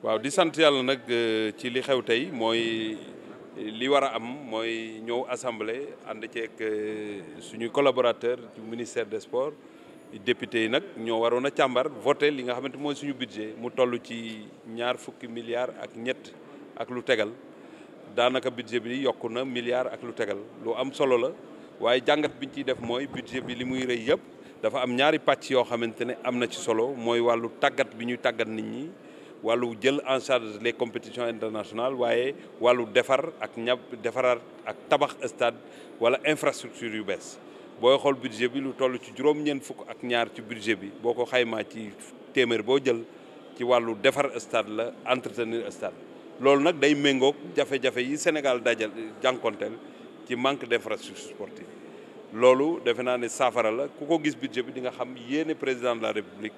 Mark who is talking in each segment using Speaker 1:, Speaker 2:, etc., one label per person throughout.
Speaker 1: waaw di sant yàlla nag euh, ci li xew tey mooy li war a am mooy ñëw assemblée ànd ceeg euh, suñu collaborateur du ministère de sports député yi nag ñoo waroon a càmbar voté li nga xamante mooy suñu budget mu toll ci ñaar fukki milliards ak ñett ak lu tegal daanaka budget bi yokk na milliards ak lu tegal lu am solo la waaye jàngat bi ñu ciy def mooy budget bi li muy rëy yëpp dafa am ñaari pàcc yoo xamante ne am na ci solo mooy wàllu tàggat bi ñuy tàggat nit ñi wàllu jël en charge les compétitions internationales waaye wàllu defar ak ñab defaraat ak tabax stade wala infrastructure yu bees booy xool budget bi lu toll ci juróom-ñeent fukk ak ñaar ci budget bi boo ko xaymaa ci téeméer boo jël ci wàllu defar stade la entretenir stade loolu nag day méngoog jafe-jafe yi Sénégal dajal jànkonteel ci manque d'infrastructure sportive loolu defe naa ne saafara la ku ko gis budget bi di nga xam yéene président de la République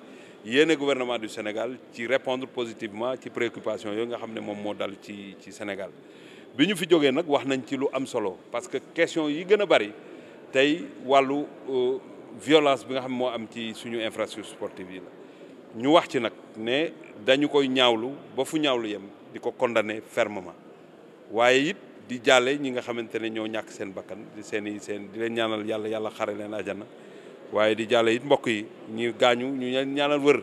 Speaker 1: yéene gouvernement du Sénégal ci répondre positivement ci préoccupation yooyu nga xam ne moom moo dal ci ci Sénégal bi ñu fi jógee nag wax nañ ci lu am solo parce que question yi gën a bari tey wàllu euh, violence bi nga xam ne moo am ci suñu infrastructure sportive yi la ñu wax ci nag ne dañu koy ñaawlu ba fu ñaawlu yem di ko condamner fermement waaye it di jàlle ñi nga xamante ne ñoo ñàkk seen bakkan di seen i seen di leen ñaanal yàlla yàlla xare leen ajana waaye di jàlle it mbokk yi ñu gaañu ñu ñaanal wër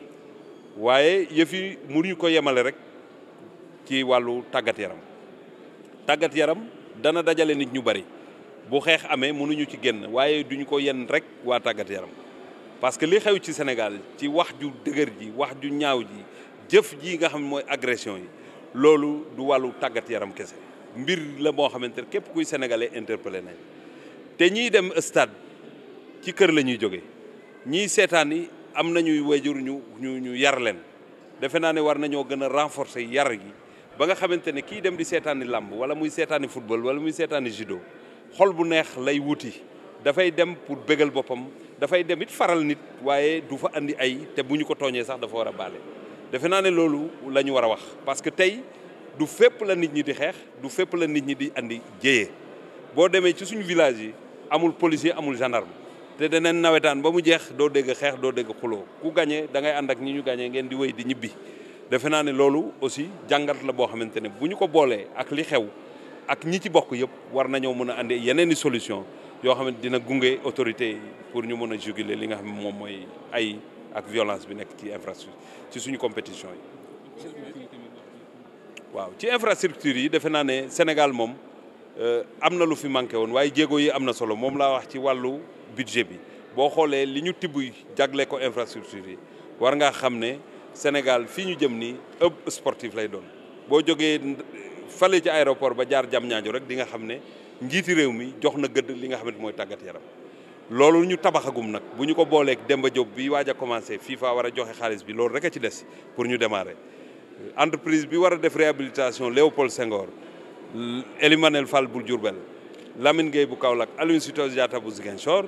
Speaker 1: waaye yëf yi mënuñu ko yemale rek ci wàllu tàggat yaram tàggat yaram dana dajale nit ñu bari bu xeex amee mënuñu ci génn waaye duñu ko yenn rek waa tàggat yaram parce que li xew ci Sénégal ci wax ju dëgër ji wax ju ñaaw ji jëf ji nga xam ne mooy agression yi loolu du wàllu tàggat yaram kese mbir la moo xamante ne képp kuy sénégalais interpellé nañ te ñiy dem stade ci kër la ñuy jóge ñii seetaani am nañuy wayjur ñu ñu ñu yar leen defe naa ne war nañoo gën a renforcer yar gi ba nga xamante ne kii dem di seetaani làmb wala muy seetaani football wala muy seetaani judo xol bu neex lay wuti dafay dem pour bégal boppam dafay dem it faral nit waaye du fa indi ay te bu ñu ko tooñee sax dafa war a baale defe naa ne loolu la ñu war a wax parce que tey du fépp la nit ñi di xeex du fépp la nit ñi di indi jéyee boo demee ci suñu village yi amul policier amul gendarme te deneen nawetaan ba mu jeex doo dégg xeex doo dégg xuloo ku gañee da ngay ànd ak ñi ñu gañee ngeen di woy di ñibbi defe naa ne loolu aussi jàngat la boo xamante ne bu ñu ko boolee ak li xew ak ñi ci bokk yëpp war nañoo mën a andi yeneen i solution yoo xam ne dina gunge autorité yi pour ñu mën a juguler li nga xam ne moom mooy ay ak violence bi nekk ci infrastructure ci suñu compétition yi waaw ci infrastructure yi defe naa ne Sénégal moom euh, am na lu fi manqué woon waaye jéego yi am na solo moom laa wax ci wàllu budget bi boo xoolee li ñu tibb jagle ko infrastructure yi war nga xam ne Sénégal fii ñu jëm nii ëpp sportif lay doon boo jógee fale ci aéroport ba jaar jam ñaajo rek di nga xam ne njiiti réew mi jox na gëdd li nga xam ne mooy tàggat yaram loolu ñu tabaxagum nag bu ñu ko booleeg Demba Diop bi waaj a commencé FIFA war a joxe xaalis bi loolu rek a ci des pour ñu démarrer entreprise bi war a def réhabilitation Léopold Senghor Elimanel Fall bu Diourbel Lamine Gueye bu Kaolack Aline Sitoé Diatta bu Ziguinchor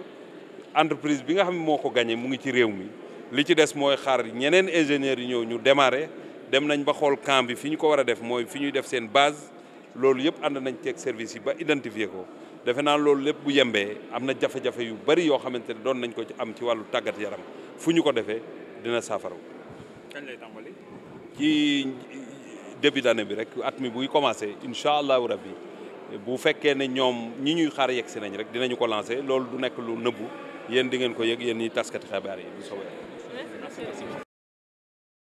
Speaker 1: entreprise bi nga xam ne moo ko gagné mu ngi ci réew mi li ci des mooy xaar ñeneen ingénieurs yi ñëw ñu démarré dem nañ ba xool camp bi fi ñu ko war a def mooy fi ñuy def seen base loolu yëpp ànd nañ ceeg service yi ba identifier ko defe naa loolu lépp bu yembee am na jafe-jafe yu bari yoo xamante ne doon nañ ko ci am ci wàllu tàggat yaram fu ñu ko defee dina saafara. kañ lay tàmbali. ci début d'année bi rek at mi buy commencé incha allahu rabbi bu fekkee ne ñoom ñi ñuy xaar yegg si nañ rek dinañu ko lancé loolu du nekk lu nëbbu yéen di ngeen ko yëg yéen ñi taskati xabaar yi bu soobee